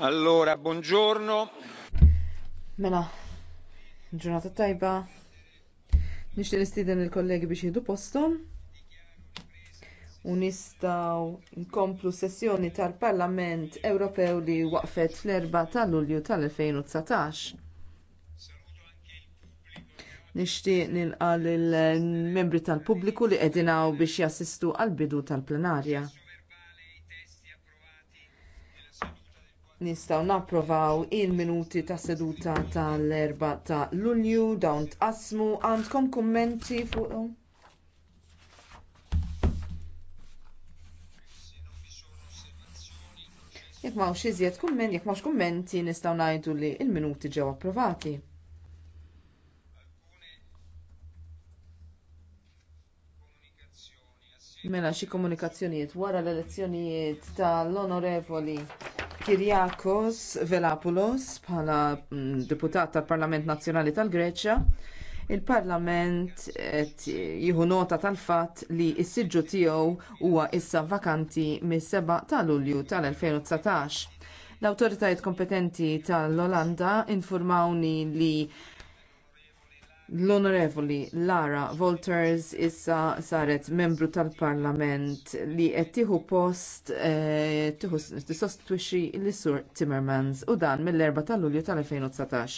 Allora, buongiorno. Mela, ġurnata tajba. Nixtieq nistieden il-kollegi biex jidu postom. U nistgħu nkomplu sessjoni tal-Parlament Ewropew li waqfet fl-4 ta' Lulju tal-2019. Nixtieq nilqa' il membri tal-pubbliku li edinaw biex jassistu għall bidu tal-plenarja. nistgħu napprovaw il-minuti ta' seduta tal-4 ta' Lunju dawn tqasmu għandkom kummenti fuq? Jekk m'hawnx iżjed kumment, jekk m'hawnx kummenti nistgħu ngħidu li l-minuti ġew approvati. Mela xi komunikazzjonijiet wara l-elezzjonijiet tal-onorevoli Kirjakos Velopoulos bħala mm, deputat tal-Parlament Nazzjonali tal-Greċja. Il-Parlament qed jieħu nota tal-fatt li s-siġġu tiegħu huwa issa vakanti mis-7 ta' Lulju tal-2019. L-awtoritajiet kompetenti tal-Olanda infurmawni li l-Onorevoli Lara Volters issa saret membru tal-Parlament li qed tieħu post eh, tissostwixxi l-Sur Timmermans u dan mill erba ta' Lulju tal-2019.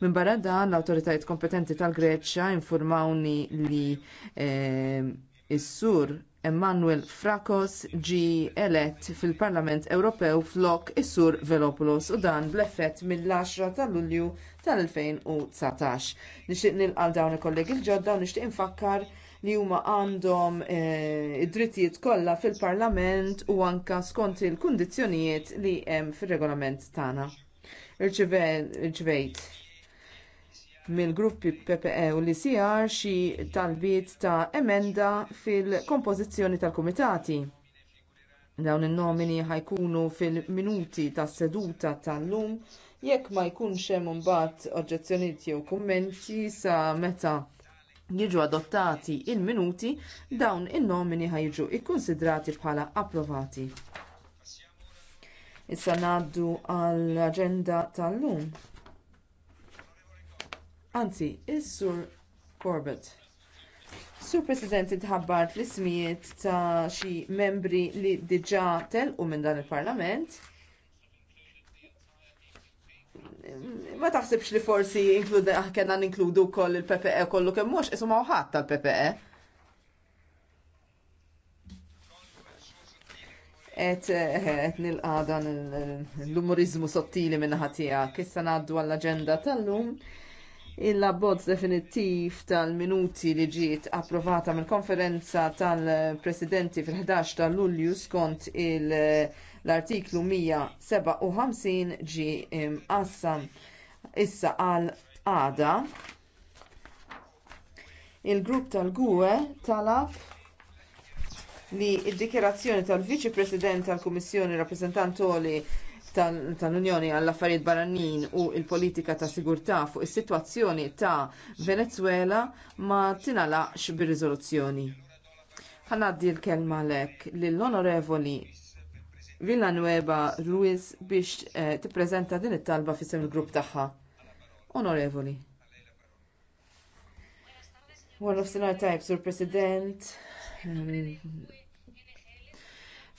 Minn barra dan l-awtoritajiet kompetenti tal-Greċja infurmawni li s eh, is-sur Emmanuel Frakos ġie elett fil-Parlament Ewropew flok is-Sur Velopoulos u dan bl-effett mill-10 ta' Lulju tal-2019. Nixtieq nilqal dawn il-kollegi l-ġodda u nixtieq infakkar li huma għandhom eh, id-drittijiet kollha fil-Parlament u anke skont il kundizzjonijiet li hemm fir-regolament tagħna. Irċivejt mill-gruppi PPE u l-ICR xi talbiet ta' emenda fil-kompożizzjoni tal-kumitati. Dawn in-nomini ħajkunu fil-minuti tas seduta tal-lum jekk ma jkunx hemm imbagħad oġġezzjonijiet jew kummenti sa meta jiġu adottati l minuti dawn in-nomini ħajġu kkunsidrati bħala approvati. Issa ngħaddu għall-aġenda tal-lum. Anzi, is-Sur Corbett. Sur President tħabbar l-ismijiet ta' xi membri li diġà telqu minn dan il-Parlament. Ma taħsibx li forsi ah, kena ninkludu wkoll il-PPE kollu kemm mhux isu ħadd tal-PPE. Et, et nilqa dan l-umorizmu sottili minna ħatija. Kissa naddu għall-agenda tal-lum. Il-abbozz definittiv tal-minuti li ġiet approvata mill-konferenza tal-presidenti fil-11 ta' Lulju skont l-artiklu 157 ġi mqassa. issa għal għada. Il-grupp tal-GUE talab li d dikjerazzjoni tal-Viċi President tal-Kummissjoni Rappresentantoli tal-Unjoni għall affarijiet barranin u l politika ta' sigurtà fuq is-sitwazzjoni ta' Venezuela ma tingħalaqx bir-riżoluzzjoni. Ħanaddi l-kelma lek lill-Onorevoli Villanueva Ruiz biex eh, tippreżenta din it-talba fisem il-grupp tagħha. Onorevoli. One of the night types, Sur President,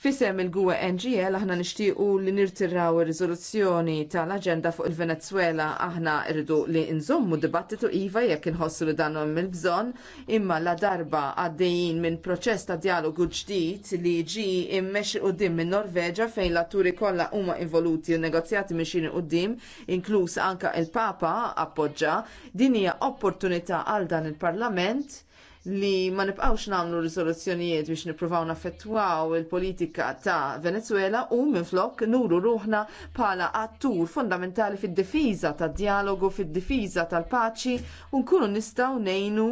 Fisem il-Gwe NGL aħna nixtiequ li nirtiraw ir rizoluzzjoni tal-aġenda fuq il-Venezuela aħna rridu li nżommu dibattitu iva jekk inħossu li danu mill bżon bżonn imma la darba għaddejjin minn proċess ta' dialogu ġdid li ġi u dim minn Norveġa fejn l-atturi kollha huma involuti u negozjati mixin dim inkluż anka il-Papa appoġġa din hija opportunità għal dan il-Parlament li ma nibqawx namlu risoluzzjonijiet biex nippruvaw naffettwaw il-politika ta' Venezuela u minflok nuru ruħna bħala attur fondamentali fid-difiża tad dialogu, fid-difiża tal-paċi u nkunu nistgħu ngħinu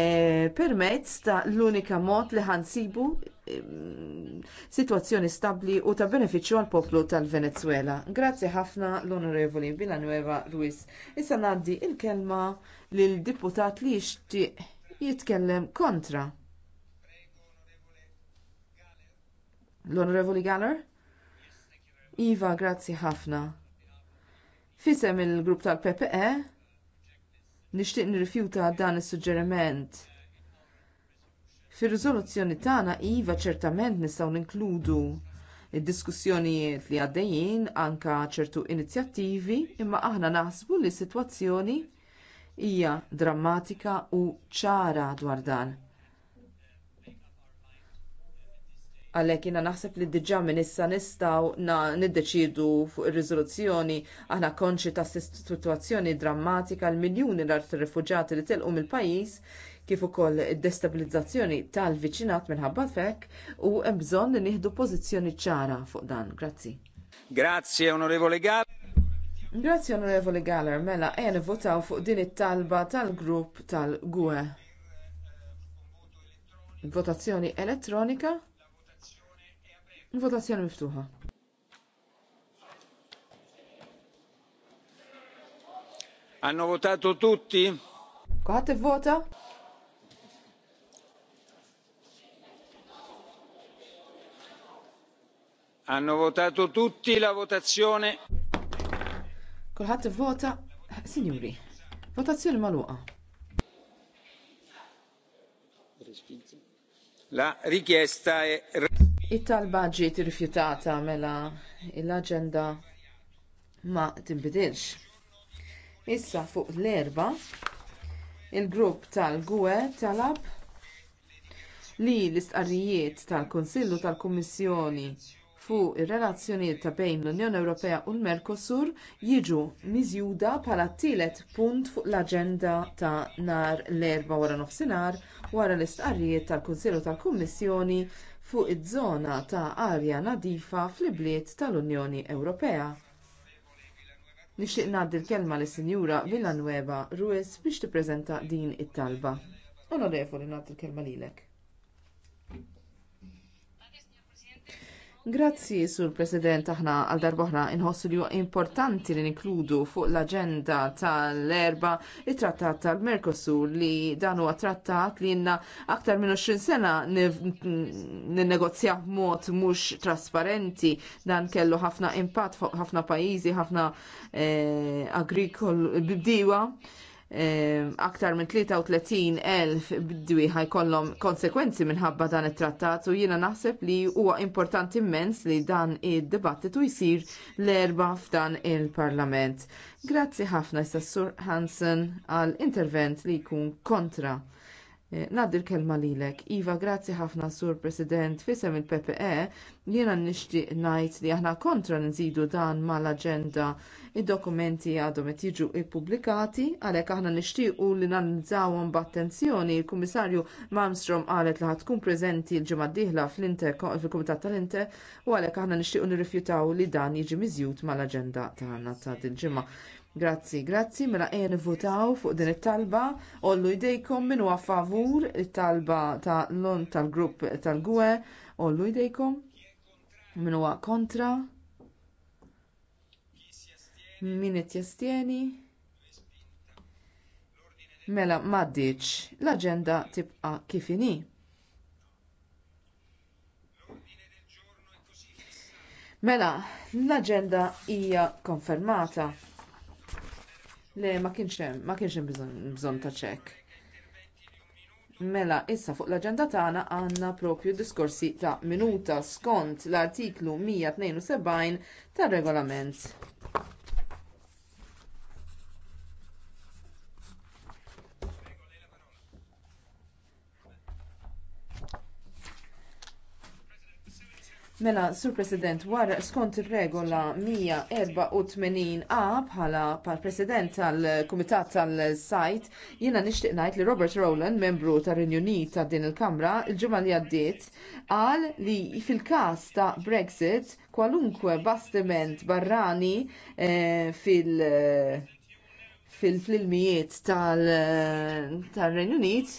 eh, permezz ta' l-unika mod li ħansibu eh, situazzjoni stabbli u ta' benefiċċju għall poplu tal-Venezuela. Grazzi ħafna l-Onorevoli Villanueva Ruiz. Issa ngħaddi l kelma lill diputat li jixtieq jitkellem kontra. L-Onorevoli Galler? Iva, grazzi ħafna. Fisem il-grupp tal-PPE, nixtieq nirrifjuta dan is-suġġeriment. Fir-riżoluzzjoni tagħna iva ċertament nistgħu ninkludu id-diskussjonijiet li għaddejjin anke ċertu inizjattivi imma aħna naħsbu li s-sitwazzjoni hija drammatika u ċara dwar dan. Għalhekk jiena naħseb li diġà minn issa nistgħu niddeċiedu fuq ir-riżoluzzjoni aħna konxi ta' sitwazzjoni drammatika l miljuni l rifuġati li telqu mill-pajjiż kif ukoll id-destabilizzazzjoni tal-viċinat minħabba fekk u hemm bżonn li nieħdu pożizzjoni ċara fuq dan. Grazzi. Grazie onorevole Gall. Grazie Onorevoli Galler, mela ejja votaw fuq din it-talba tal-grupp tal-GUE. Votazzjoni elettronika. Votazzjoni miftuħa. Hanno votato tutti? Kuħat vota? Hanno votato tutti la votazione? Kulħadd ivvota, Sinjuri, votazzjoni magħluqa. La richiesta è It-talba ġiet irrifjutata mela l-aġenda ma tinbidilx. Issa fuq l-erba il-grupp tal-GUE talab li l-istqarrijiet tal-Konsillu tal tal kummissjoni fuq ir-relazzjonijiet ta' bejn l-Unjoni Ewropea u l-Mercosur jiġu miżjuda bħala tielet punt fuq l-aġenda ta' nhar l-erba' wara nofsinhar wara l-istqarrijiet tal kunsillu tal-Kummissjoni fuq iż-żona ta' arja nadifa fl-ibliet tal-Unjoni Ewropea. Nixtieq ngħaddi l-kelma lis sinjura Villanueva Ruiz biex tippreżenta din it-talba. Onorevoli ngħaddi l-kelma lilek. Grazzi, Sur President, aħna għal darbohra inħossu li huwa importanti li ninkludu fuq l-agenda tal-erba it-trattat tal mercosur li dan huwa trattat li jenna aktar minn 20 sena ninnegozja b'mod mhux trasparenti dan kellu ħafna impatt fuq ħafna pajjiżi, ħafna eh, agrikol aktar minn 33,000 bidwi ħajkollhom konsekwenzi minħabba dan it-trattat u jiena naħseb li huwa importanti immens li dan id-dibattitu jsir l-erba f'dan il-Parlament. Grazzi ħafna Sassur Hansen għal intervent li jkun kontra Eh, naddi l-kelma lilek. Iva, grazzi ħafna sur President fisem il-PPE, jiena nixtieq ngħid li aħna kontra nżidu dan mal-aġenda il dokumenti għadhom qed jiġu ippubblikati, għalhekk aħna nixtiequ li nanalizzawhom b'attenzjoni. Il-Kummissarju Malmstrom qalet li tkun preżenti l-ġimgħa d fil-Kumitat tal-Inte u għalek aħna nixtiequ nirrifjutaw li dan jiġi miżjud mal-aġenda tagħna ta' din ġimgħa. Grazzi, grazzi, mela għen votaw fuq din it-talba, ollu jdejkom minn huwa favur it-talba ta' l-on tal-grupp tal-gwe, ollu jdejkom minn huwa kontra, min qed jastieni. Mela maddiċ l-aġenda tibqa' kif inhi. Mela, l-aġenda hija konfermata. Le, ma kienx hemm, ma kienx hemm bżonn ta' ċekk. Mela, issa fuq l aġenda tagħna għandna propju diskorsi ta' minuta skont l-artiklu 172 tar regolament. Mela, Sur President, wara skont ir-regola 184 A bħala pal President tal-Kumitat tal-Sajt, jiena nixtieq ngħid li Robert Rowland, membru tar-Renju Unit ta' din il-Kamra, il-ġimgħa li għaddiet, qal li fil-każ ta' Brexit kwalunkwe bastiment barrani eh, fil- fil-filmijiet tal-Renju Unit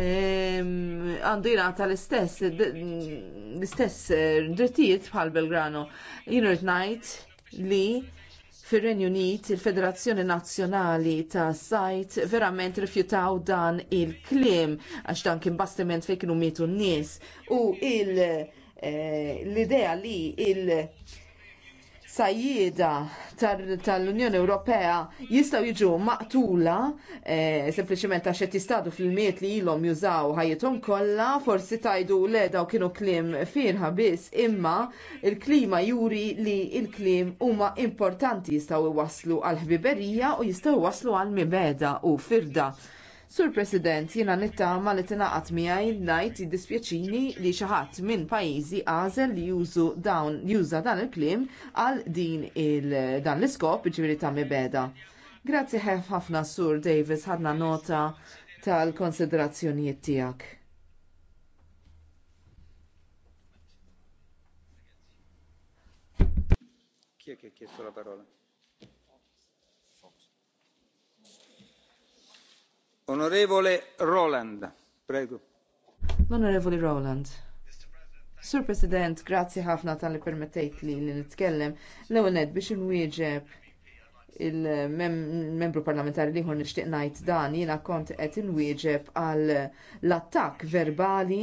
Ehm, għandu jingħata l-istess l-istess eh, drittijiet bħal Belgrano. Jien rrid li fir-Renju Unit il-Federazzjoni Nazzjonali ta' Sajt verament rifjutaw dan il-klim għax dan kien bastiment fejn kienu mietu n-nies u eh, l-idea li il- sajjieda tal-Unjoni Ewropea jistgħu jiġu maqtula eh, sempliċement għax qed jistadu fil-miet li ilhom jużaw ħajjithom kollha, forsi tajdu le daw kienu kliem fierħa biss, imma il-klima juri li il-kliem huma importanti jistgħu jwasslu għal ħbiberija u jistgħu jwasslu għal mibeda u firda. Sur President, jiena nittama li tingħaqad miegħi ngħid jiddispjaċini li xi ħadd minn pajjiżi għażel li jużu dawn juża dan il-kliem għal din il dan l-iskop ġifieri ta' mibeda. Grazzi ħafna Sur Davis ħadna nota tal-konsiderazzjonijiet tiegħek. Kie, kie, kie, sulla parola. Onorevole Roland, prego. Roland. Sur President, grazzi ħafna tal-li permettejt li nitkellem. l ned biex inwieġeb il-membru parlamentari liħor nishtiq dan, jina kont qed inwieġeb għal l-attak verbali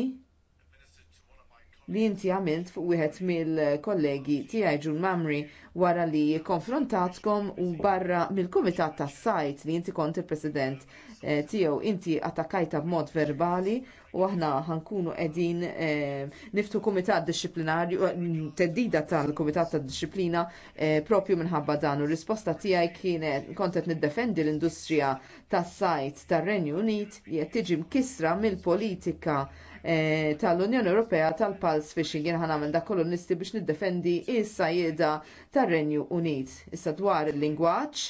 li inti għamilt fuq wieħed mill-kollegi tiegħi Jun Mamri wara li konfrontatkom u barra mill-kumitat tas sajt li inti kont il-president eh, tiegħu inti attakkajta b'mod verbali u aħna ħankunu qegħdin eh, niftu kumitat disciplinarju eh, teddida tal-kumitat tad-disciplina propju minħabba dan u risposta tiegħi kienet kont qed niddefendi l-industrija tas-sajt tar-Renju Unit li qed tiġi mkissra mill-politika Eh, tal-Unjoni Ewropea tal-Pals Fishing jien ħanamel dakollu kolonisti biex niddefendi is-sajjeda tar-Renju Unit. Issa dwar il-lingwaġġ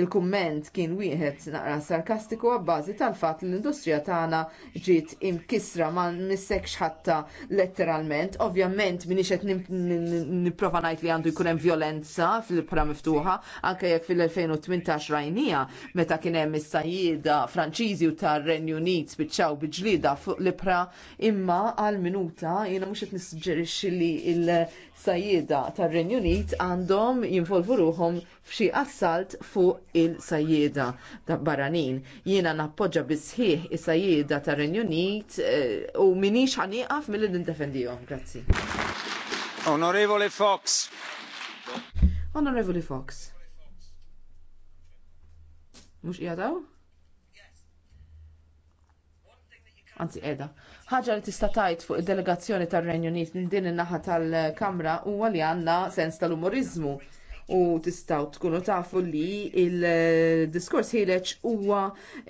Il-kumment kien wieħed naqra sarkastiku għabbażi tal-fatt li l-industrija tagħna ġiet imkisra ma nissekx ħatta letteralment. Ovvjament minix qed nipprova ngħid li għandu jkun hemm violenza fil-pra miftuħa anke jekk fil-2018 rajnija meta kien hemm is-sajjieda Franċiżi u tar-Renju Unit spiċċaw biġlida fuq l-pra imma għal minuta jiena mhux qed nissuġġerixxi li l sajjieda tar-Renju Unit għandhom jinvolvu ruhom f'xi assalt fuq il-sajjieda ta' barranin. Jiena nappoġġa bisħieħ is-sajjieda tar-Renju Unit eh, u minix ħanieqaf milli nindefendihom. Grazzi. Onorevole Fox. Onorevoli Fox. Mux jadaw? anzi edha. ħaġa li tista' tajt fuq id-delegazzjoni tar-Renju Unit minn din in-naħa tal-Kamra huwa li għandna sens tal-umorizmu u tistgħu tkunu tafu li il-diskors ħileġ huwa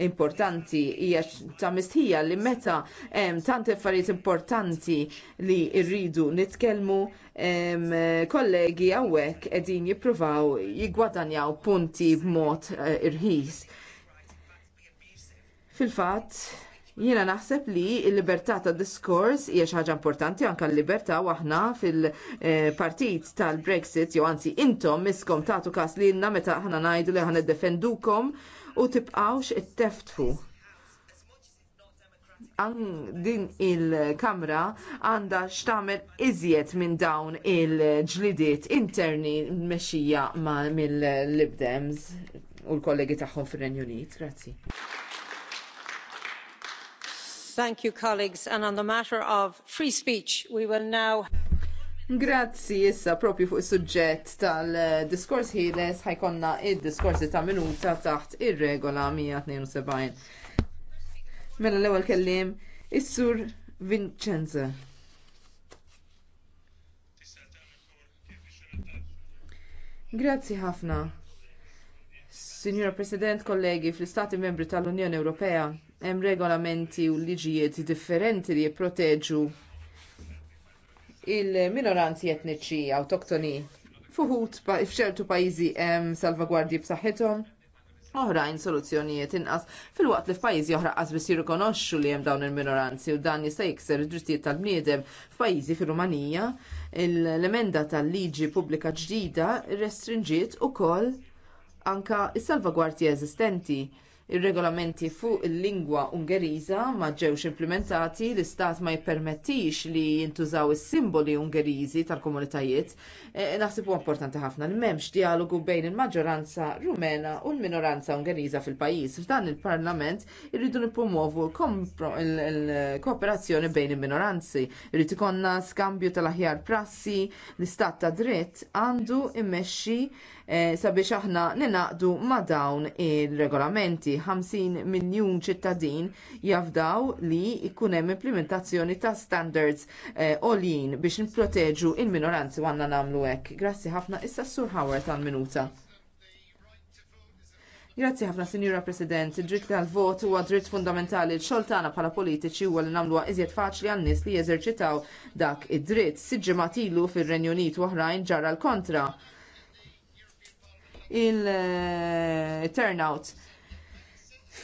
importanti hija ta' mistħija li meta hemm tant affarijiet importanti li rridu nitkellmu kollegi hawnhekk qegħdin jippruvaw jiggwadanjaw punti b'mod eh, irħis. Fil-fatt, Jiena naħseb li l-libertà ta' diskors hija xi ħaġa importanti anke l-libertà waħna fil-partit tal-Brexit jew anzi intom miskom tagħtu każ lilna meta aħna ngħidu li aħna defendukom u tibqgħux it-teftfu. Din il-kamra għandha x'tagħmel iżjed minn dawn il-ġlidiet interni mexxija mill-libdems u l-kollegi tagħhom fir-Renju Unit. Grazzi. Thank you, colleagues. And on the matter of free speech, we will now. Grazzi, issa propju fuq is-suġġett tal-diskors ħieles ħajkonna id-diskorsi ta' minuta taħt ir-regola 172. Mela l-ewwel kelliem is-sur Vincenza. Grazzi ħafna, Signora President, kollegi, fl-Istati membri tal-Unjoni Ewropea hemm regolamenti u liġijiet differenti li jipproteġu il-minoranzi etniċi awtoktoni. Fuħut f'ċertu pajjiżi hemm salvagwardji b'saħħithom, oħrajn soluzzjonijiet inqas fil-waqt li f'pajjiżi oħra qas biss jirrikonoxxu li hemm dawn il-minoranzi u dan jista' jikser id-drittijiet tal-bniedem f'pajjiżi fir-Rumanija, l-emenda tal-liġi pubblika ġdida restringiet ukoll anke s-salvagwardji eżistenti. Ir-regolamenti fuq il-lingwa Ungeriża ma ġewx implementati l-istat ma jippermettix li jintużaw is-simboli Ungeriżi tal-komunitajiet. E, importanti ħafna li m'hemmx dialogu bejn il-maġġoranza rumena u l-minoranza Ungeriża fil-pajjiż. F'dan il-Parlament irridu nippromovu l-kooperazzjoni bejn il-minoranzi. Irrid ikonna skambju tal-aħjar prassi, l-istat ta' dritt għandu immexxi Eh, sabiex aħna ninaqdu ma' dawn ir-regolamenti. 50 miljun ċittadin jafdaw li jkun hemm implementazzjoni ta' standards eh, olin biex nipproteġu l minoranzi u għanna nagħmlu hekk. Grazzi ħafna issa s-Sur Howard tal-minuta. Grazzi ħafna, Sinjura President. Id-dritt tal-vot huwa dritt fundamentali l-xogħol tagħna bħala politiċi huwa li nagħmluha iżjed faċli għan nies li jeżerċitaw dak id-dritt. Siġġimgħat ilu fir-Renju Unit oħrajn ġara l-kontra il-turnout. Eh,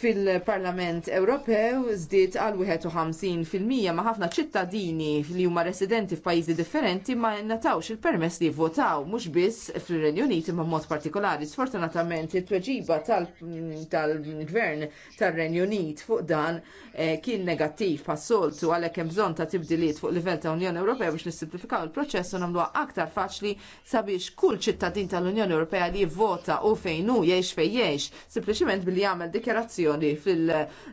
fil-Parlament Ewropew żdied għal 51% ma' ħafna ċittadini li huma residenti f'pajjiżi differenti ma natawx il-permess li votaw mhux biss fir-Renju Unit imma mod partikolari. Sfortunatament it-tweġiba tal-Gvern tar-Renju Unit fuq dan eh, kien negattiv pas-soltu għalhekk hemm bżonn ta' tibdiliet fuq livell ta' Unjoni Ewropea biex nissimplifikaw il-proċess u nagħmluha aktar faċli sabiex kull ċittadin tal-Unjoni Ewropea li jivvota u fejn hu jgħix fejn jgħix, sempliċement billi jagħmel dikjarazzjoni votazzjoni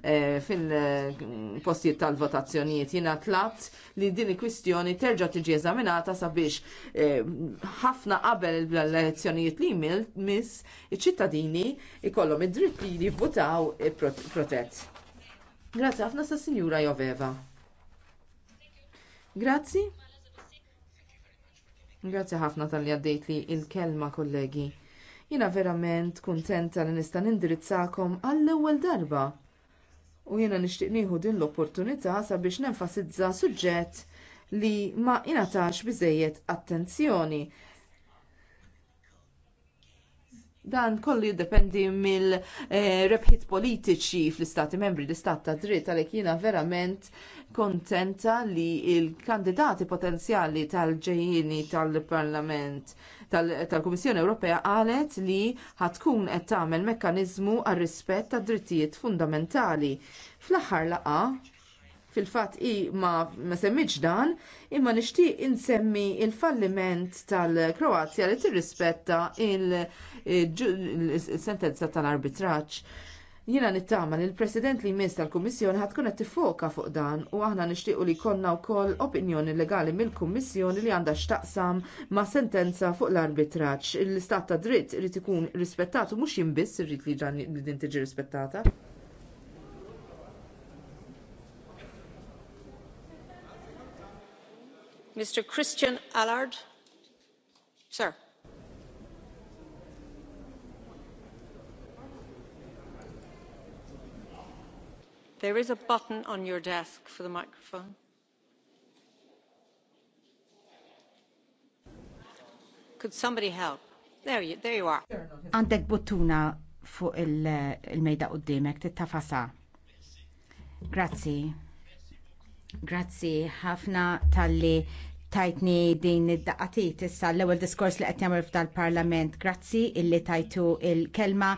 eh, fil-postijiet tal-votazzjonijiet. Jina tlabt li din il-kwistjoni terġa' tiġi eżaminata sabiex eh, ħafna qabel l-elezzjonijiet li miss iċ-ċittadini ikollhom id-dritt li jivvutaw e protett. Grazie ħafna sa' Sinjura Joveva. Grazzi. Grazzi ħafna tal-li għaddejt li il-kelma kollegi. Jiena verament kuntenta li nista' nindirizzakom għall-ewwel darba. U jiena nixtieq nieħu din l-opportunità sabiex nenfasizza suġġett li ma ingħatax biżejjed attenzjoni Dan kollu jiddependi mill-rebħit eh, politiċi fl-istati membri, l-istat ta' dritt, għalhekk jiena verament kontenta li l kandidati potenzjali tal-ġejjini tal-Parlament tal-Kummissjoni Ewropea qalet li ħatkun qed tagħmel mekkaniżmu għar rispett tad drittijiet fundamentali. Fl-aħħar laqgħa fil-fatt i ma, ma semmiġ dan, imma nixtieq insemmi l falliment tal-Kroazja li tirrispetta il-sentenza tal-arbitraġġ. Jiena nittama li l-President li jmiss tal-Kummissjoni ħad kunet qed tiffoka fuq dan u aħna nixtiequ li jkollna wkoll opinjoni legali mill-Kummissjoni li għandha x'taqsam ma' sentenza fuq l-arbitraġġ. L-istat ta' dritt irid ikun rispettat u mhux jinbiss irrid li din tiġi rispettata. mr christian allard sir. is a button on your desk for the microphone. could somebody help? there you, there you are. għandek buttuna fuq il-mejda qudiemek tittafasa. Grazzi. Grazzi ħafna tal-li tajtni din id-daqqatit issa l-ewwel diskors li qed jagħmel f'dal-Parlament. Grazzi illi tajtu il-kelma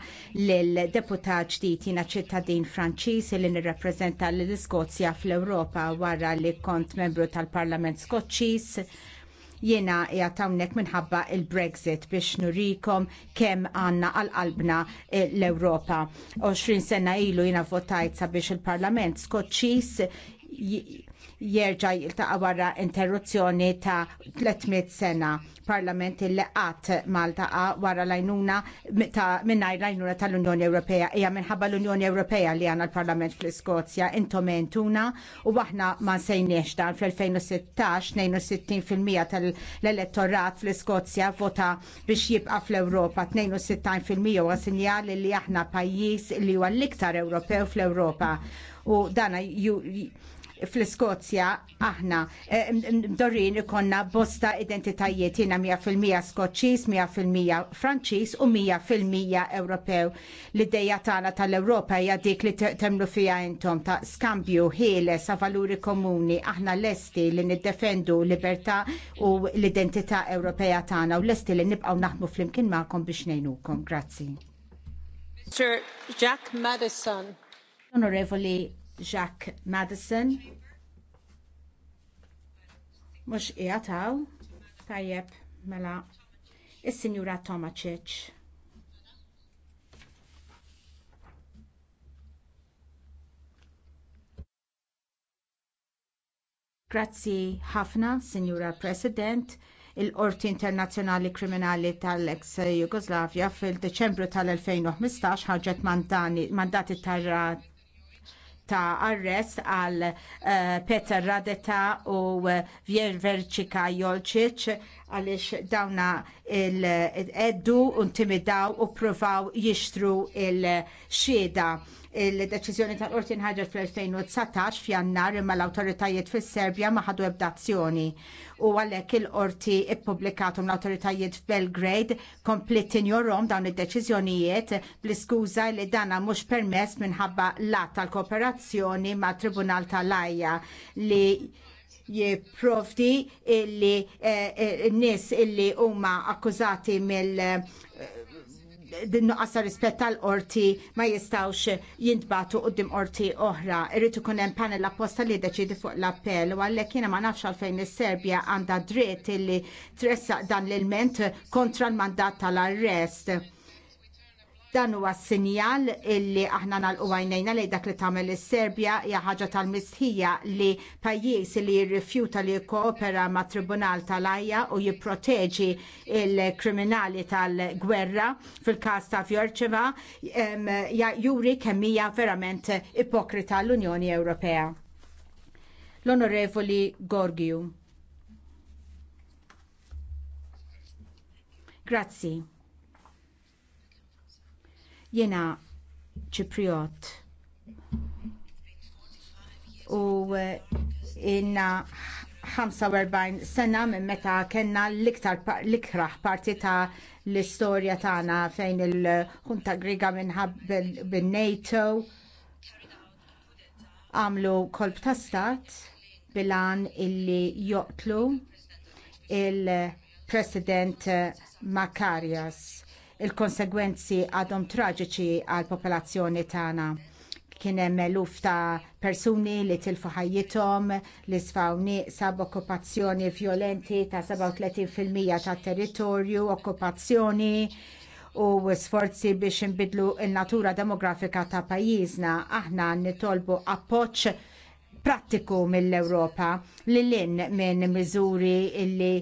lil deputat ġdid jiena ċittadin Franċiż illi nirrappreżenta l-Iskozja fl-Ewropa wara li kont membru tal-Parlament Skoċċiż. Jiena qiegħed hawnhekk minħabba il-Brexit biex nurikom kemm għandna għal-qalbna l-Ewropa. 20 sena ilu jiena votajt sabiex il-Parlament Skoċċiż jerġa' jiltaqa' wara interruzzjoni ta' 300 sena. Parlament il qatt maltaqa wara l-għajnuna ta' mingħajr l tal-Unjoni Ewropea hija minħabba l-Unjoni Ewropea li għandna l-Parlament fl-Iskozja intom entuna u aħna ma nsejniex dan fl-2016 62% tal-elettorat fl-Iskozja vota biex jibqa' fl-Ewropa 62% huwa sinjal li aħna pajjiż li huwa l-iktar Ewropew fl-Ewropa u dana fl-Skozja aħna eh, dorin ikonna bosta identitajiet jiena 100% Skoċċiż, 100% Franċiż u 100% Ewropew. L-idea tagħna tal-Ewropa hija dik li temlu fiha intom ta' skambju ħieles sa' valuri komuni aħna lesti li niddefendu libertà u l-identità Ewropea tagħna u lesti li nibqgħu naħmu flimkien magħkom biex ngħinukom. Grazzi. Mr. Jack Madison. Onorevoli Jack Madison. Mux iħataw, tajjeb, mela, il-Sinjura Tomacic. Grazzi ħafna, Sinjura President il-Qorti Internazzjonali Kriminali tal-ex Jugoslavja fil-Deċembru tal-2015 ħarġet mandati tar ta' arrest għal eh, Peter Radeta u eh, Vjerverċika Jolċiċ għaliex dawna il-eddu untimidaw u provaw jixtru il-xieda. Il-deċizjoni tal-qorti nħarġet fl-2019 f'jannar imma l-autoritajiet fis-Serbja ma ħadu ebdazzjoni. U għalhekk il-qorti ippubblikatum l-autoritajiet f'Belgrade kompletin jorom dawn id-deċiżjonijiet bl-iskuża li dana mhux permess minħabba l-att tal-kooperazzjoni ma' Tribunal tal-Ajja li jipprovdi illi eh, eh, n-nies illi huma akkużati mill dinnuqqas eh, rispett tal-qorti ma jistawx jintbatu qoddim qorti oħra. Irrid ikun hemm panel apposta li deċidi fuq l-appell u għalhekk jiena ma nafx għalfejn is-Serbja għandha dritt illi tressaq dan l-ilment kontra l-mandat tal-arrest Dan huwa sinjal illi aħna nalqu għajnejna li dak li tagħmel is-Serbja hija ħaġa tal-mistħija li pajjiż li jirrifjuta li jikkoopera ma' Tribunal tal-Ajja u jipproteġi il-kriminali tal-gwerra fil-każ ta' Fjorċeva juri kemm hija verament ipokrita l-Unjoni Ewropea. L-Onorevoli Gorgiu. Grazzi. Jena ċipriot u jena eh, 45 sena minn meta kellna l-iktar l-ikraħ parti ta' l-istorja tagħna fejn il-Ħunta Griga minħab bin-NATO għamlu kolb ta' stat bilan illi joqtlu il-President Makarias il-konsegwenzi għadhom traġiċi għall popolazzjoni tagħna kien hemm eluf ta' persuni li tilfu ħajjithom li sfaw sab okkupazzjoni vjolenti ta' 37% tat territorju, okkupazzjoni u sforzi biex inbidlu il natura demografika ta' pajjiżna aħna nitolbu appoġġ prattiku mill-Ewropa li lin minn miżuri li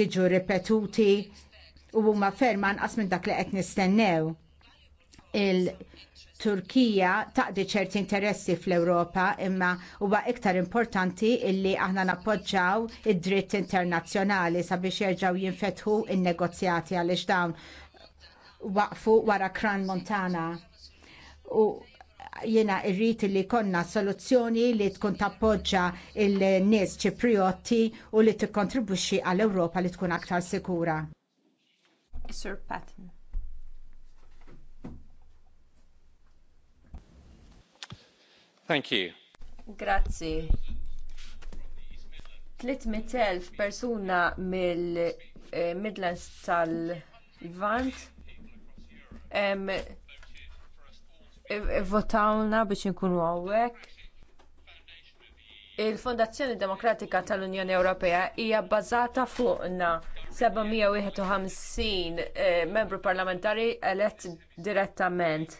jiġu ripetuti u huma ferma anqas minn dak li qed nistennew. Il-Turkija taqdi ċerti interessi fl-Ewropa imma huwa iktar importanti illi aħna nappoġġaw id-dritt internazzjonali sabiex jerġgħu jinfetħu in-negozjati għaliex dawn waqfu wara Kran Montana. U jena irrit li konna soluzzjoni li tkun tappoġġa il-nies ċipriotti u li tikkontribwixxi għall-Ewropa li tkun aktar sikura. Sir Patton. Thank you. Grazzi. 300.000 persuna mill-Midlands eh, tal-Vant eh, votawna biex inkunu hawnhekk. Il-Fondazzjoni Demokratika tal-Unjoni Ewropea hija bbażata fuqna 751 eh, membru parlamentari elett direttament.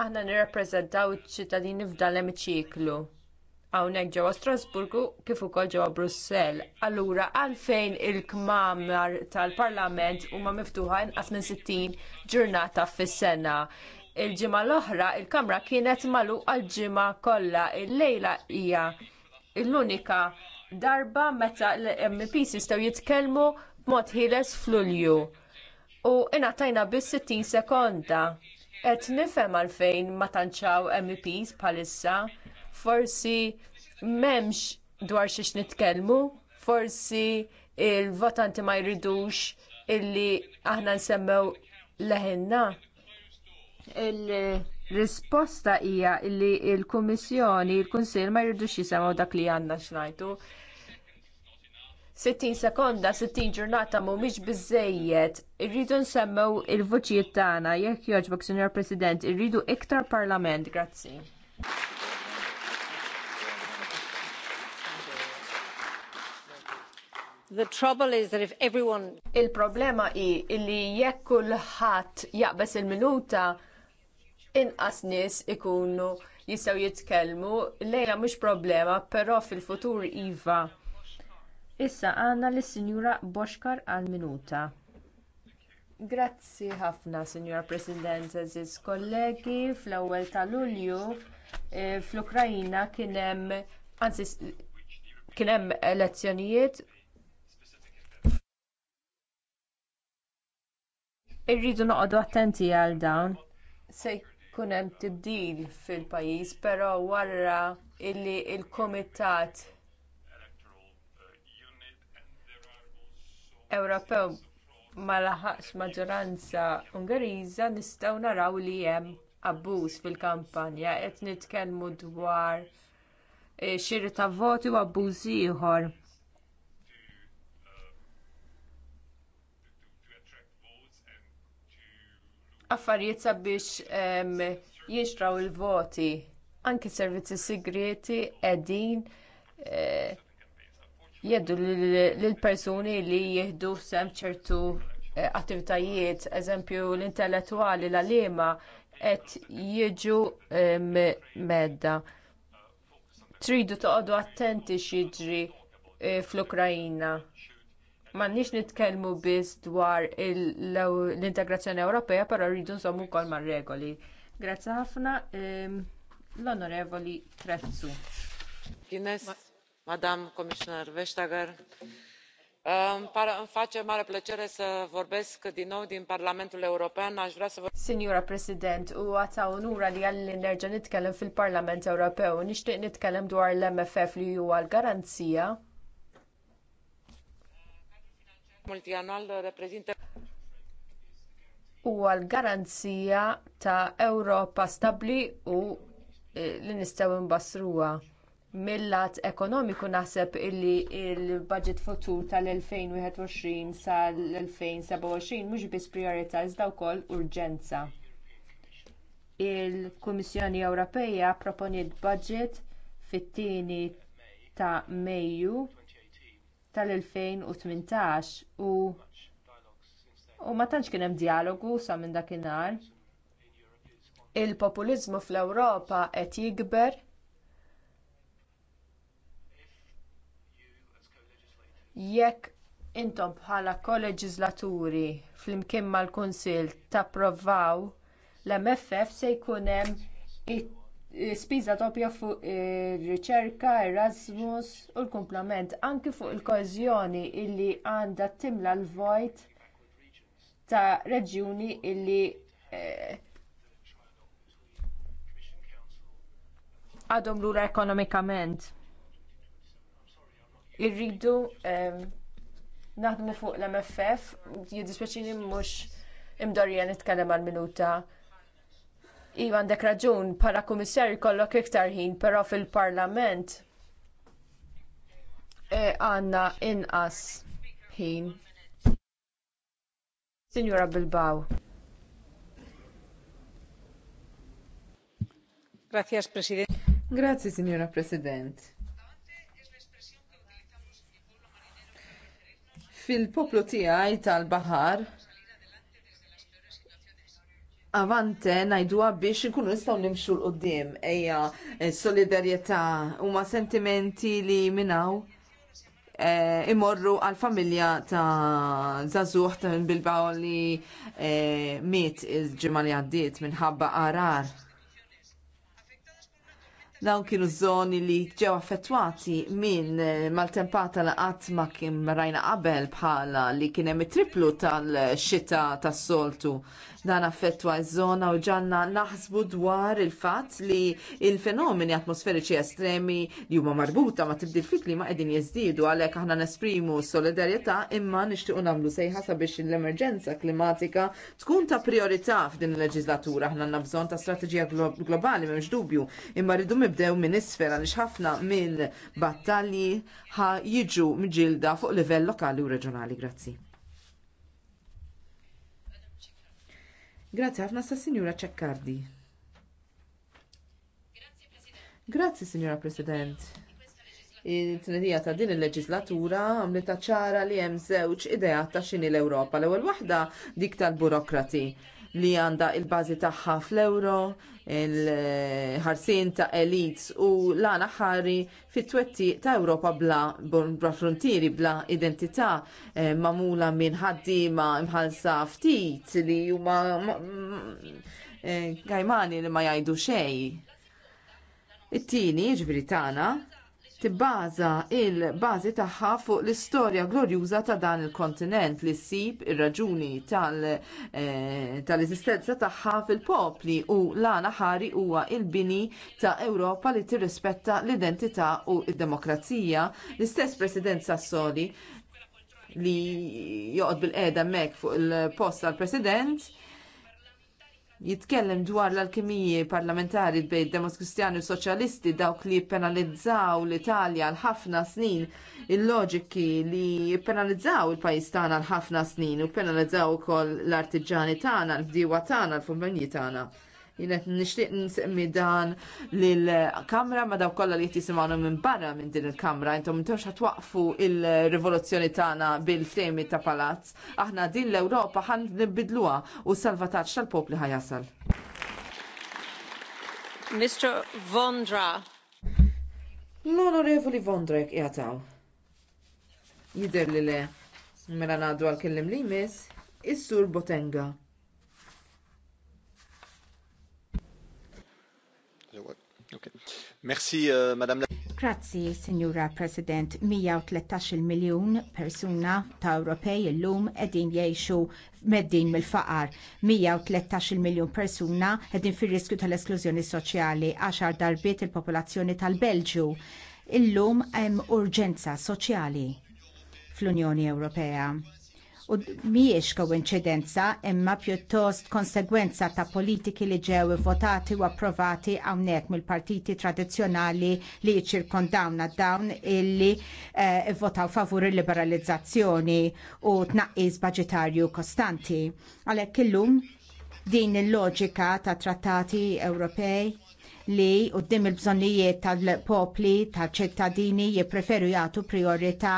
Aħna nirrappreżentaw ċittadini f'dan l-emiċiklu hawnhekk ġewwa Strasburgu kif ukoll ġewwa Brussell. Allura għalfejn il-kmamar tal-Parlament huma miftuħa inqas minn 60 ġurnata fis-sena. Il-ġimgħa l-oħra il-Kamra kienet malu għal ġimgħa kollha il-lejla hija l-unika darba meta l-MPs jistgħu jitkellmu mod ħieles ulju u ingħatajna biss 60 sekonda. Qed nifhem għalfejn ma tantxaw MEPs bħalissa, forsi m'hemmx dwar xiex nitkellmu, forsi l votanti ma jridux illi aħna nsemmew leħinna. Il-risposta hija li l-Kummissjoni, l kunsill ma jridux jisemgħu dak li għandna xnajtu. 60 sekonda, 60 ġurnata mhumiex biżżejjed. Irridu nsemmew il vuċijiet tagħna jekk jogħġbok, Sinjor President, irridu iktar Parlament, grazzi. The trouble is that if everyone Il-problema hi li jekk kulħadd jaqbes il-minuta inqas nies ikunu jistgħu jitkellmu lejla mhux problema, però fil-futur iva Issa għandna lis sinjura Boxkar għal minuta. Grazzi ħafna, Signor President, eżis kollegi, fl-ewwel ta' Lulju eh, fl-Ukrajina kien hemm kienem elezzjonijiet irridu noqogħdu attenti għal dawn. Se jkun hemm tibdil fil-pajjiż, pero wara illi l il kumitat Ewropew ma laħaqx maġġoranza Ungeriża nistgħu naraw li hemm abbuż fil-kampanja qed nitkellmu dwar e, xiri ta' voti u abbuż ieħor. Affarijiet sabiex jinxtraw il-voti. Anki servizzi segreti qegħdin e, jeddu l-persuni li jieħdu sem ċertu eh, attivitajiet, eżempju l-intellettuali, l-alima, qed jiġu eh, medda. Tridu toqgħodu attenti x'jiġri eh, fl Ma M'għandniex nitkellmu biss dwar l-integrazzjoni Ewropea, però rridu nżommu kol mar-regoli. Grazzi ħafna ehm, l-Onorevoli Trezzu madam commissioner vestager îmi face mare plăcere să vorbesc din nou din parlamentul european aș vrea să vă. president huwa ta' unura li għalli nerġa' nitkellem fil-parlament ewropew nixtieq nitkellem dwar l-mff li huwa l-garanzija reprezintă huwa l-garanzija ta' Ewropa stabbli u eh, li nistgħu nbassruha mill-lat ekonomiku naħseb illi l budget futur tal-2021 sal-2027 mhux biss prijorità iżda wkoll urġenza. Il-Kummissjoni Ewropea proponiet budget fit-tieni ta' Mejju tal-2018 u u ma tantx kien hemm dijalogu sa minn dakinhar. Il-populiżmu fl-Ewropa qed jikber jekk intom bħala koleġislaturi flimkien mal-kunsill tapprovaw l-mff se jkun hemm spiża doppja fuq ir-riċerka erasmus u l-kumplament anki fuq il-koeżjoni li għandha timla l-vojt ta' reġjuni li eh, għadhom lura ekonomikament irridu naħdmu fuq l-MFF, jiddispjaċini mhux imdorja nitkellem għal minuta. Iva għandek raġun, bħala kummissarju jkollok iktar ħin, però fil-parlament e, għandna inqas ħin. Signora Bilbao. Grazie, President. Grazie, Signora President. Fil-poplu tiegħi tal-Baħar Avante najduha biex ikunu nistgħu nimxu l qudiem ejja solidarjetà huma sentimenti li minnaw e, imorru għal familja ta' Zazuħ ta' Bilbao li e, miet il ġimgħa li għaddiet minħabba arar. Dawn kienu zoni li ġew affettwati minn eh, maltempata li qatt ma kien rajna qabel bħala li kien hemm triplu tal-xita tas-soltu. Dan affettwa ż-żona u ġanna naħsbu dwar il-fatt li il-fenomeni atmosferiċi estremi li huma marbuta ma tibdil fit ma qegħdin jeżdiedu għalhekk aħna nesprimu solidarjetà imma nixtiequ nagħmlu sejħa sabiex l-emerġenza klimatika tkun ta' priorità f'din il-leġislatura. Aħna għandna bżonn ta' strateġija globali m'hemmx dubju, imma rridu nibdew minn isfel għaliex ħafna minn battalji ħa jiġu mġilda fuq livell lokali u reġjonali. Grazzi. Grazzi ħafna sa' Sinjura Ceccardi. Grazzi, Sinjura President. Il-tnedija ta' din il-leġislatura għamlet ċara li hemm żewġ ideat ta' xini l-Ewropa. L-ewwel waħda dik tal-burokrati li għandha il-bażi tagħha fl-euro, il-ħarsien ta' elites u l-għana ħari fit-twetti ta' Ewropa bla, bla frontieri, bla identità eh, mamula minn ħaddiema imħalsa ftit li huma eh, kajmani li ma jgħidu xejn. It-tieni, ġviri tagħna, tibbaża il-bażi tagħha fuq l-istorja glorjuża ta' dan il-kontinent li ssib ir-raġuni eh, tal-eżistenza tagħha fil-popli u l-għana ħari huwa l bini ta' Ewropa li tirrispetta l-identità u d-demokrazija. L-istess President Sassoli li joqgħod bil qiegħda mek fuq il-post tal-President jitkellem dwar l-alkimiji parlamentari bejn demos kristjani u soċjalisti dawk li penalizzaw l-Italja għal ħafna snin il-loġiki li penalizzaw il-pajis tagħna għal ħafna snin u penalizzaw ukoll l-artiġani tagħna, l bdiwa tagħna, l fumbenji tagħna jinet nixtieq nsemmi dan l kamra ma daw kollha li qed minn barra minn din il-kamra intom intomx għatwaqfu il-rivoluzzjoni tagħna bil-ftehmi ta' palazz. Aħna din l-Ewropa ħan nibidluha u s-salvataġġ tal-popli ħajasal. Mr. Vondra. L-Onorevoli Vondra jek jataw. Jider li le. Mela għal-kellim li jmiss, is-sur Botenga. Merci, uh, Madame la... Grazzi, Signora President. 113 miljon persuna ta' Ewropej l-lum edin jgħixu meddin mill-faqar. 113 miljon persuna edin fir-riskju tal-esklużjoni soċjali, 10 darbiet il-popolazzjoni tal-Belġju. Illum hemm urġenza soċjali fl-Unjoni Ewropea u mhijiex koincidenza imma pjuttost konsegwenza ta' politiki li ġew votati u approvati hawnhekk mill-partiti tradizzjonali li ċirkondawna dawn illi eh, votaw favur il-liberalizzazzjoni u tnaqqis baġitarju kostanti. Għalhekk illum din il-loġika ta' trattati Ewropej li qoddim il-bżonnijiet tal-popli, tal-ċittadini jippreferu jagħtu priorità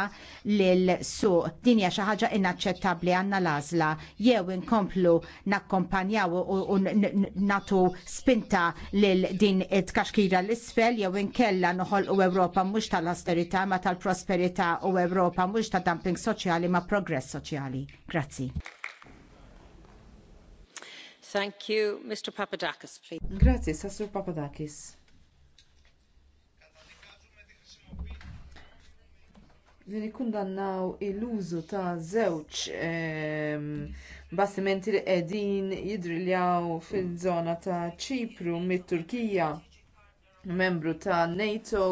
lil suq. Din hija xi ħaġa inaċċettabbli għandna l-għażla. Jew inkomplu nakkompanjaw u natu spinta lil din it-tkaxkira l-isfel jew inkella noħolqu Ewropa mhux tal-austerità ma tal-prosperità u Ewropa mhux ta' dumping soċjali ma' progress soċjali. Grazzi. Thank you, Mr. Papadakis, please. Papadakis. li nikkundannaw il-użu ta' żewġ ehm, bastimenti li qegħdin jidriljaw fil-żona ta' ċipru mit-Turkija membru ta' NATO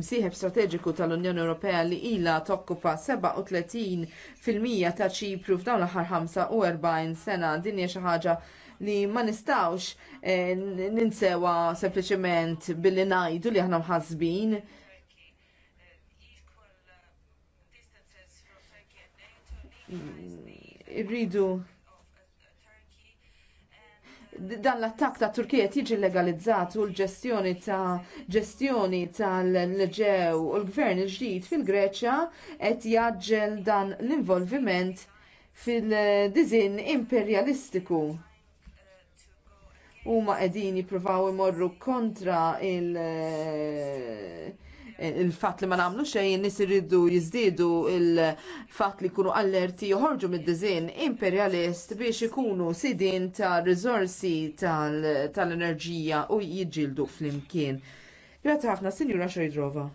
imsieħeb strateġiku tal-Unjoni Ewropea li ilha tokkupa 37% fil-mija ta' ċipru f'dawn l-aħħar 45 sena din hija xi ħaġa li ma nistawx eh, ninsewa sempliċement billi ngħidu li aħna mħazbin Irridu dan l-attak ta' Turkija tiġi legalizzat u l-ġestjoni ta' ġestjoni tal-ġew u l-gvern il-ġdid fil-Greċja qed jaġġel dan l-involviment fil-dizin imperjalistiku huma qegħdin jippruvaw imorru kontra il- eh, il-fat li ma namlu xejn nis irridu jizdidu il-fat li kunu allerti joħorġu mid-dizin imperialist biex ikunu sidin tar rizorsi tal-enerġija u jiġildu fl-imkien. Grazie ħafna, Sinjura Xojdrova.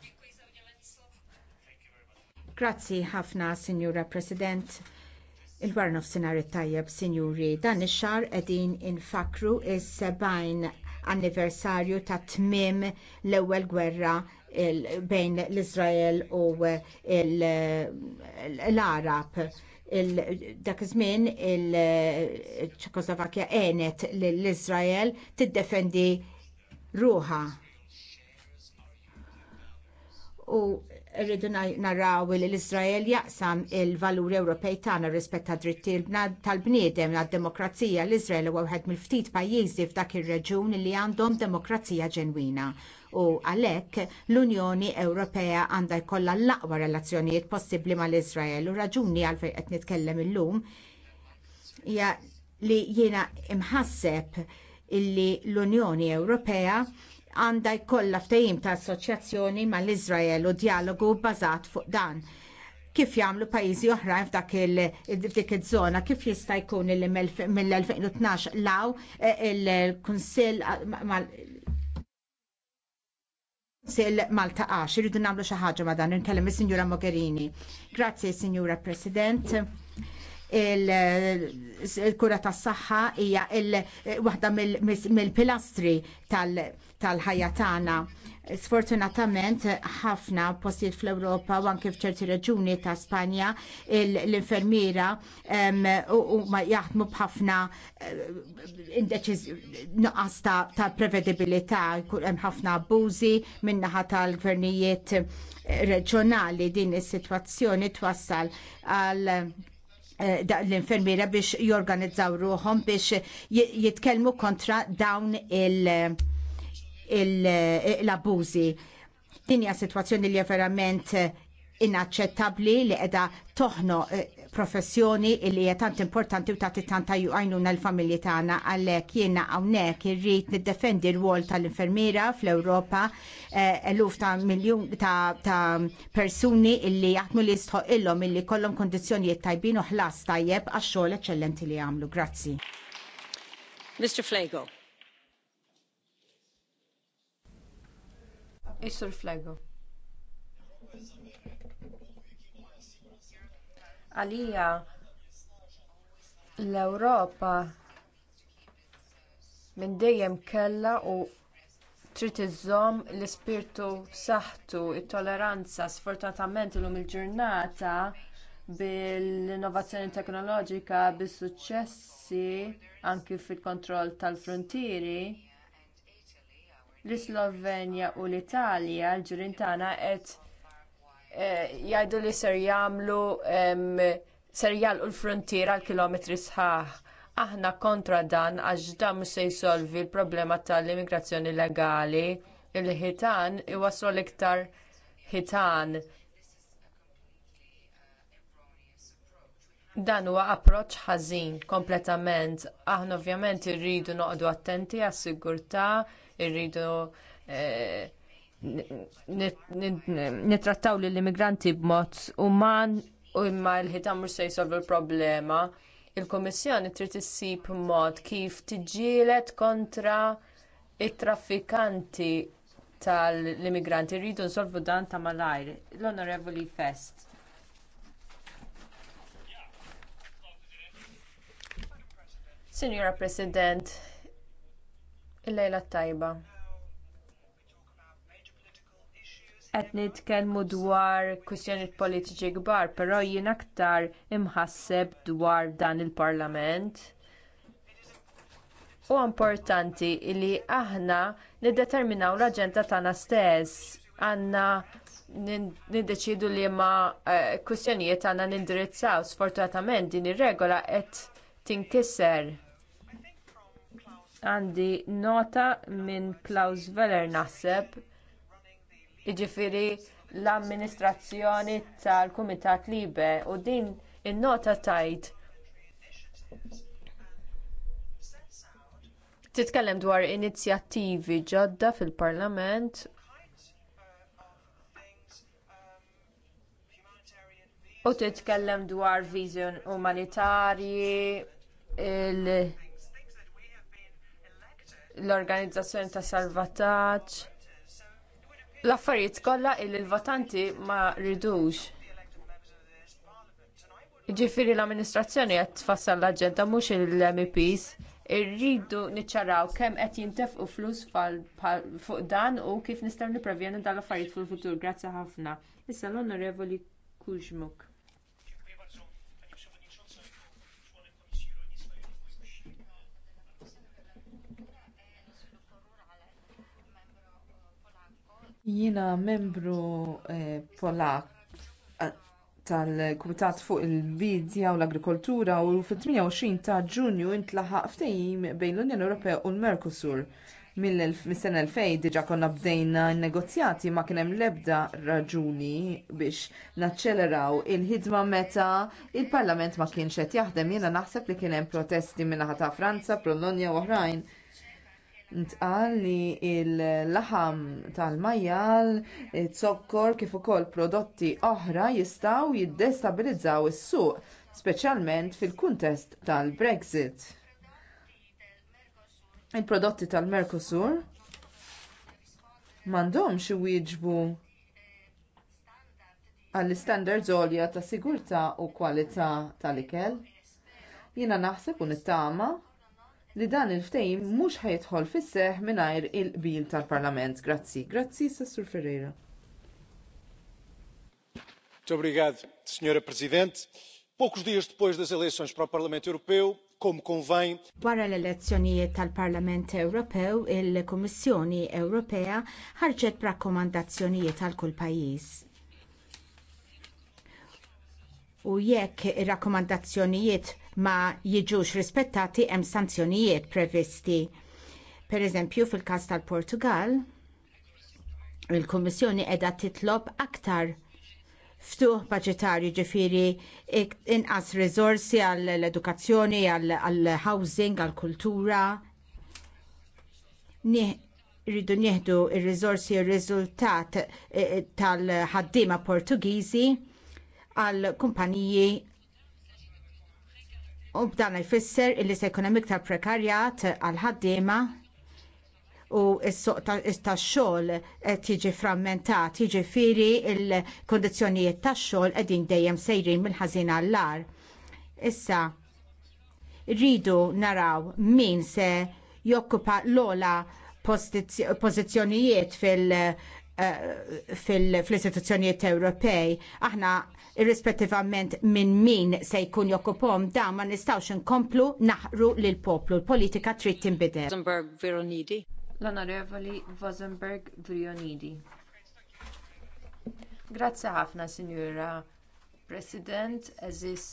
Grazzi ħafna, Sinjura President. Il-war nofsinhar tajjeb, sinjuri, dan ix-xar qegħdin infakru is-sebgħin anniversarju ta' tmiem l-ewwel gwerra bejn l-Iżrael u l-Arab dak iż-żmien il ċekoslovakkja għenet l-Izrael tiddefendi ruha. U rridu naraw li l-Izrael jaqsam il-valuri Ewropej tagħna rispett ta' dritti tal-bniedem għad demokrazija l-Izrael huwa wieħed mill-ftit pajjiżi f'dak ir-reġun li għandhom demokrazija ġenwina. U għalhekk l-Unjoni Ewropea għandha jkollha l-aqwa relazzjonijiet possibbli mal-Izrael u raġuni għal fejn qed nitkellem illum hija li jiena imħasseb illi l-Unjoni Ewropea għandha jkollha ftehim ta' assoċjazzjoni mal-Iżrael u dialogu bbażat fuq dan kif jagħmlu pajjiżi oħrajn f'dak dik iż-żona, kif jista' jkun li mill-2012 law eh, il-Kunsill Malta Maltaqax, irridu nagħmlu xi ħaġa ma' dan, nkellem il sinjura Mogherini. Grazzi, Sinjura President il-kura il tas saħħa hija waħda mill-pilastri tal-ħajja tagħna. Sfortunatament ħafna postijiet fl-Ewropa u anke f'ċerti reġuni ta' Spanja l-infermiera ma jaħdmu b'ħafna eh, nuqqas ta' prevedibilità, hemm ħafna abbużi min-naħa tal-gvernijiet eh, reġjonali din is-sitwazzjoni twassal għal Eh, l-infermiera biex jorganizzaw ruħom biex jitkellmu kontra dawn l eh, abuzi Din hija sitwazzjoni li verament eh, inaċċettabbli li qiegħda toħno professjoni illi hija tant importanti u tagħti tant għajnuna l-familji tagħna għalhekk jiena hawnhekk irrid niddefendi r-wol tal-infermiera fl-Ewropa eh, eluf ta' miljun ta' persuni illi jaħdmu li jistħu illhom illi kollhom kondizzjonijiet tajbin u ħlas tajjeb għax-xogħol eċċellenti li jagħmlu. Grazzi. Mr. Flego. is Flego. Għalija l-Ewropa minn dejjem kellha u trid iżżomm l-ispirtu b'saħħtu it-toleranza sfortunatament illum il-ġurnata bil-innovazzjoni teknoloġika bis-suċċessi anki fil-kontroll tal-fruntieri l-islovenja u l-italja l-ġirien tagħna qed Eh, jgħidu li ser jagħmlu ser jgħalqu l-frontiera għal kilometri sħaħ. Aħna kontra dan għax dan mhux se jsolvi l-problema tal-immigrazzjoni legali il-ħitan iwasslu l-iktar ħitan. Dan huwa approċċ ħażin kompletament. Aħna ovvjament irridu noqogħdu attenti għas-sigurtà, irridu eh, nitrattaw lill immigranti b'mod uman u imma l-ħitam mhux se jisolvu l-problema. Il-Kummissjoni trid issib mod kif tiġġieled kontra it-traffikanti tal-immigranti rridu nsolvu dan ta' malajr. L-Onorevoli Fest. Signora President, il-lejla tajba. qed nitkellmu dwar kwistjonijiet politiċi kbar, però jien aktar imħasseb dwar dan il-Parlament. Huwa importanti li aħna niddeterminaw l-aġenda tagħna stess. Għandna niddeċidu li ma eh, kwistjonijiet għandna nindirizzaw. Sfortunatament din ir-regola qed tinkisser. Għandi nota minn Klaus Veller naħseb jiġifieri l-amministrazzjoni tal-Kumitat Libe u din in-nota tgħid titkellem dwar inizjattivi ġodda fil-parlament u titkellem dwar viżjon umanitarji l-organizzazzjoni ta' salvataġġ l-affarijiet kollha li l-votanti ma rridux. Jiġifieri l-amministrazzjoni qed tfassal l-aġenda mhux il-MEPs irridu niċċaraw kemm qed jintefqu flus fuq dan u kif nistgħu nipprevjenu dan l-affarijiet fil-futur. Grazzi ħafna. Issa l-Onorevoli Kuxmuk. Jiena membru eh, Polak eh, tal-Kumitat fuq il-Bidja u l-Agrikoltura u fit-28 ta' Ġunju intlaħaq ftehim bejn l-Unjoni Ewropea u l-Mercosur. Mis-sena 2000 diġà konna bdejna n-negozjati ma kien hemm l-ebda raġuni biex naċċeleraw il-ħidma meta l parlament ma kienx qed jaħdem jiena naħseb li kien hemm protesti min-naħa ta' Franza, Polonja u oħrajn ntqal li l-laħam tal-majjal, it-sokkor kif ukoll prodotti oħra jistgħu jiddestabilizzaw is-suq, speċjalment fil-kuntest tal-Brexit. Il-prodotti tal-Mercosur m'għandhomx iwieġbu għall-istandards għolja ta' sigurtà u kwalità tal-ikel. Jiena naħseb u nittama li dan il-ftejim mhux ħajtħol fis seħħ mingħajr il-qbil tal-Parlament. Grazzi, grazzi, Sassur Ferreira. Obrigado, Sra. Presidente. Poucos dias depois das eleições para o Parlamento Europeu, como convém. Wara l-elezzjonijiet tal-Parlament Ewropew, il-Kummissjoni Ewropea ħarġet rakkomandazzjonijiet għal kull pajjiż u jekk ir-rakkomandazzjonijiet ma jiġux rispettati hemm sanzjonijiet previsti. Per eżempju, fil-każ tal-Portugal, il-Kummissjoni qiegħda titlob aktar ftuħ budgetarju ġifiri inqas riżorsi għall-edukazzjoni, għall-housing, għall-kultura. Rridu nieħdu r riżorsi u r-riżultat eh, eh, tal-ħaddiema Portugiżi għal kumpaniji U b'dan jfisser illi se jkun hemm iktar prekarjat għal ħaddiema u s-soq tax-xogħol qed jiġi frammentat, jiġifieri l-kundizzjonijiet tax-xogħol qegħdin dejjem sejrin mill-ħażin għall-ar. Issa rridu naraw min se jokkupa l-ola pożizzjonijiet fil- Eh, fil-istituzzjonijiet Ewropej. Aħna irrispettivament minn min se jkun jokkupom da ma nistawx inkomplu naħru lil poplu l-politika trid tinbidel. L-Onorevoli Vosenberg Vrionidi. Grazzi ħafna, Sinjura President, eżis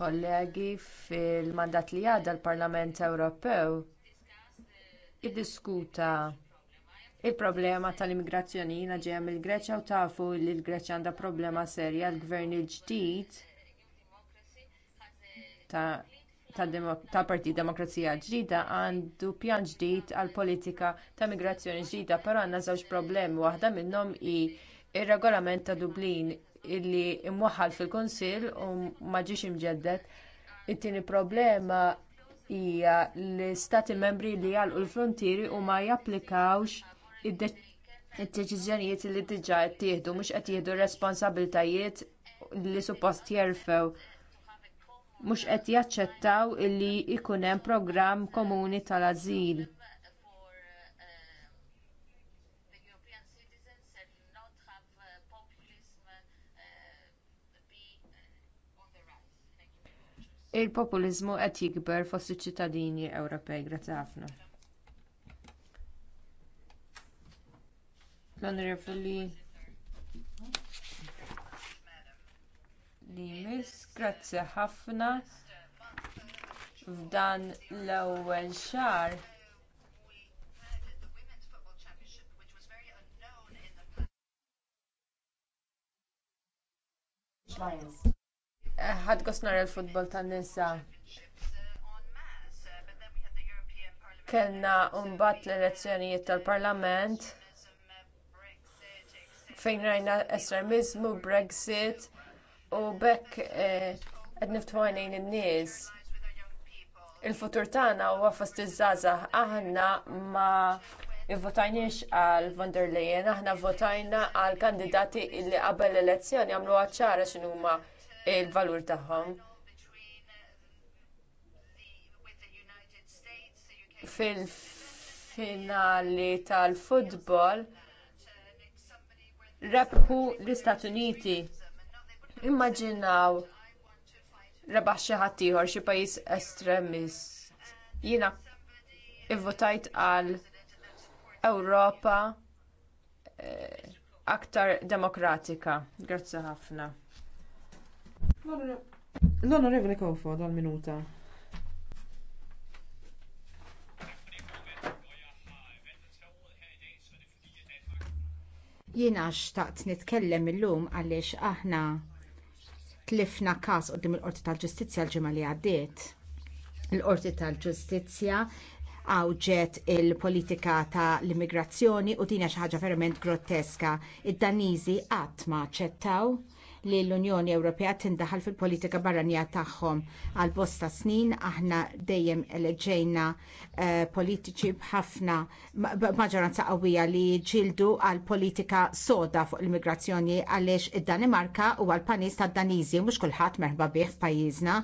kollegi fil-mandat li għadda l-Parlament Ewropew iddiskuta il-problema tal-immigrazzjoni jiena ġejja mill-greċja u tafu li l-greċja għandha problema serja għall gvern il-ġdid tal-partit demokrazija ġdida għandu pjan ġdid għall politika ta' immigrazzjoni ġdida però għandna żewġ problemi waħda minnhom hi r regolament ta' dublin illi mwaħħal fil-kunsill u ma ġiex imġedded it-tieni problema hija l-istati membri li jgħalqu l-fruntieri u ma japplikawx id-deċiżjonijiet li diġà ttieħdu mhux qed jieħdu r-responsabbiltajiet li suppost jerfgħu mhux qed jaċċettaw li jkun hemm programm komuni tal-ażil il-populiżmu qed jikber fost iċ-ċittadini ewropej grazzi ħafna l-Onorevoli Limis, grazzi ħafna f'dan l-ewwel xahar. Ħadd nara l-futbol tan-nisa. Kenna un mbagħad l-elezzjonijiet tal-Parlament fejn rajna estremizmu, Brexit u bekk eh, qed niftħu għajnejn in-nies. Il-futur tagħna huwa fost iż-żgħażagħ aħna ma ivvotajniex għal von der Leyen, aħna votajna għal kandidati li qabel l elezzjoni għamlu ċara x'inhuma l valur tagħhom. fil-finali tal-futbol rebħu l-Istati Uniti. Immaġinaw rebaħ xi ħadd ieħor xi pajjiż estremist. Jiena ivvotajt għal Ewropa eh, aktar demokratika. Grazzi ħafna. L-Onorevoli Kofod għal-minuta. Jiena xtaqt nitkellem illum għaliex aħna tlifna każ quddiem il-Qorti tal-Ġustizzja l-ġimgħa li għaddiet. Il-Qorti tal-Ġustizzja għawġet il-politika ta' l-immigrazzjoni u dinja xi ħaġa verament groteska. Id-Daniżi qatt ma ċettaw li l-Unjoni Ewropea tindaħal fil-politika barranija tagħhom. Għal bosta snin aħna dejjem eleġejna eh, politiċi bħafna maġġoranza qawwija li ġildu għal politika soda fuq l-immigrazzjoni għaliex id-Danimarka u għal panis tad daniżi mhux kulħadd merħba bih f'pajjiżna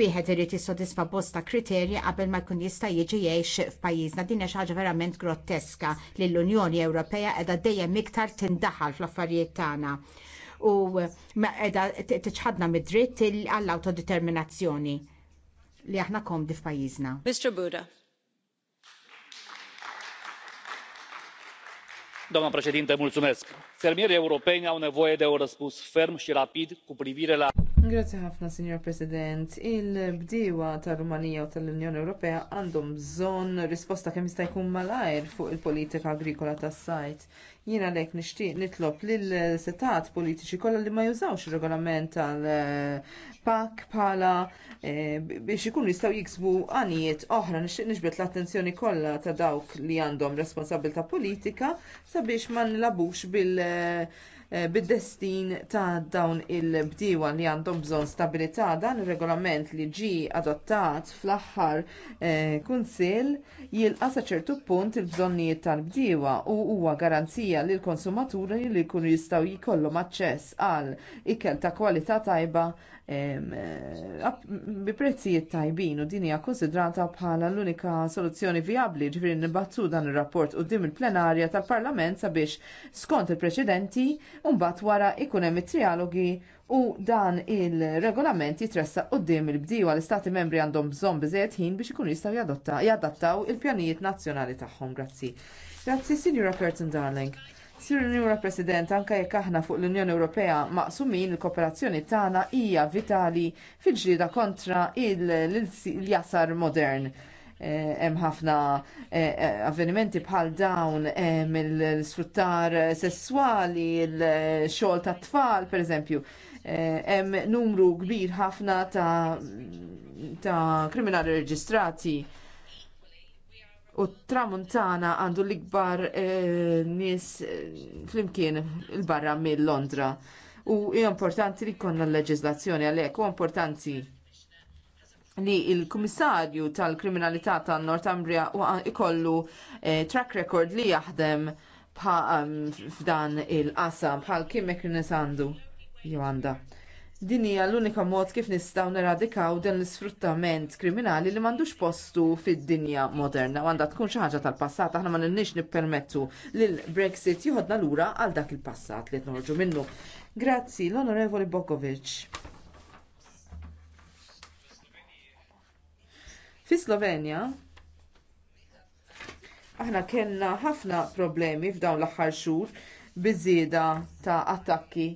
wieħed irid jissodisfa bosta kriterji qabel ma jkun jista' jiġi jgħix f'pajjiżna din hija xi ħaġa verament grotteska li l-Unjoni Ewropea qiegħda dejjem iktar tindaħal fl-affarijiet tagħna u qiegħda tiċħadna mid-dritt għall-autodeterminazzjoni li aħna komdi f'pajjiżna. Mr. Buda. Doma Preċedinte, mulțumesc. Fermierii europeni au nevoie de un răspuns ferm și rapid cu privire la Grazzi ħafna, Signor President. Il-bdiewa tal-Rumanija u tal-Unjoni Ewropea għandhom bżonn risposta kemm jista' jkun malajr fuq il-politika agrikola tas-sajt. Jien għalhekk nixtieq nitlob lil setat politiċi kollha li ma jużawx ir-regolament tal-PAK bħala eh, biex ikunu jistgħu jiksbu għanijiet oħra nixtieq nixbet l-attenzjoni kollha ta' dawk li għandhom responsabilta politika sabiex ma nilabux bil- Eh, bid-destin ta' dawn il-bdiewa li għandhom bżonn stabilità dan ir-regolament li ġie adottat fl-aħħar eh, kunsill jilqa' sa ċertu punt il-bżonnijiet tal-bdiewa u huwa garanzija lill konsumaturi li jkunu jistgħu jkollhom aċċess għal ikel ta' kwalità tajba Eh, bi prezzijiet tajbin u din hija konsidrata bħala l-unika soluzzjoni vijabbli ġifieri nibattu dan ir-rapport quddiem il-plenarja tal-Parlament sabiex skont il-preċedenti u mbagħad wara jkun hemm it-trialogi u dan il-regolament jitressaq quddiem il-bdiewa l-istati membri għandhom bżonn biżejjed ħin biex ikunu jistgħu jadattaw il-pjanijiet nazzjonali tagħhom. Grazzi. Grazzi, Signora Curtin Darling. Sir Njura President, anke jekk aħna fuq l-Unjoni Ewropea maqsumin il-kooperazzjoni tagħna hija vitali fil-ġlieda kontra l-jasar modern. Eh, hemm ħafna eh, eh, avvenimenti bħal dawn hemm il-sfruttar sesswali, il-xogħol tat tfal, pereżempju. Hemm numru kbir ħafna ta' kriminali reġistrati u tramuntana għandu l-ikbar eh, nies eh, flimkien il-barra mill Londra. U hija importanti li jkollna l leġizlazzjoni għalhekk u importanti li il-Kummissarju tal-Kriminalità tan-Nortambria ikollu eh, track record li jaħdem f'dan il-qasam bħal kien mekkun għandu jew għandha. Din hija l-unika mod kif nistgħu neradikaw dan l-isfruttament kriminali li m'għandux postu fid-dinja moderna u għandha tkun xi ħaġa tal-passat aħna ma nilniex nippermettu lil Brexit jieħodna lura għal dak il-passat li qed noħorġu minnu. Grazzi l-Onorevoli Bokovic. Fi Slovenja aħna kellna ħafna problemi f'dawn l-aħħar xhur biżieda ta' attakki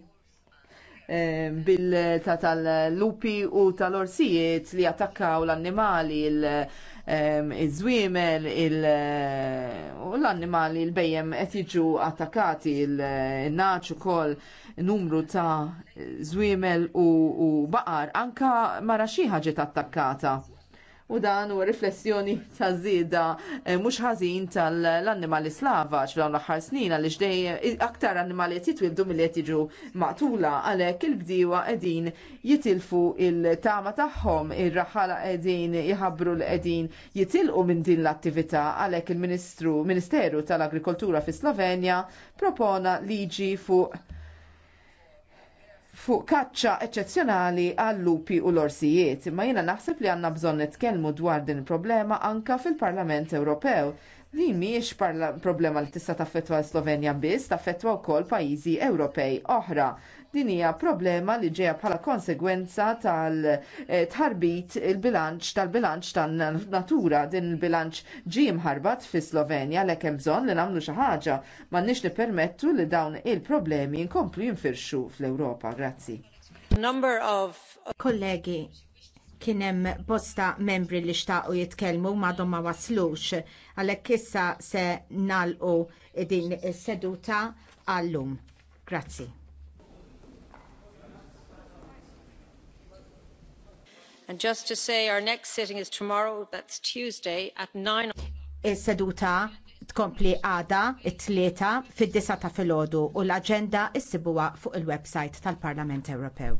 Eh, bil ta' tal-lupi u tal-orsijiet li attakkaw l-annimali il-żwiemel u l-annimali l-bejjem qed jiġu attakkati il-naċ ukoll numru ta' żwiemel u baqar anka mara xi ħaġa attakkata u dan huwa riflessjoni ta' żieda eh, mhux ħażin tal-annimali slava f'dawn l-aħħar snin għaliex dejjem aktar annimali qed jitwildu milli qed jiġu maqtula għalhekk il-bdiewa qegħdin jitilfu il-tama tagħhom ir-raħala qegħdin jħabru l edin jitilqu minn din l-attività għalhekk il-Ministru Ministeru tal-Agrikoltura fi Slovenja propona liġi fuq fuq kaċċa eċċezzjonali għall-lupi u l-orsijiet, imma jiena naħseb li għandna bżonn nitkellmu dwar din il-problema anke fil-Parlament Ewropew. Li miex problema li tista' taffettwa l-Slovenja biss, taffettwa wkoll pajjiżi Ewropej oħra. Din hija problema li ġejja bħala konsegwenza tal-tarbit il-bilanċ tal-bilanċ tan-natura din il-bilanċ ġie mħarbat fi Slovenja l hemm bżonn li nagħmlu xi ħaġa m'għandniex nippermettu li dawn il-problemi jinkomplu jinfirxu fl-Ewropa. Grazzi. Number of kollegi kien hemm bosta membri li xtaqu jitkellmu madhom ma waslux għalhekk issa se nagħlqu din is-seduta għallum. Grazzi. And just to say our next sitting is tomorrow, that's Tuesday at Is-seduta tkompli għada it-tlieta fid-disa ta' filgħodu u l-aġenda issibuha fuq il-website tal-Parlament Ewropew.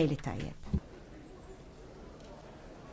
lejli tajjeb.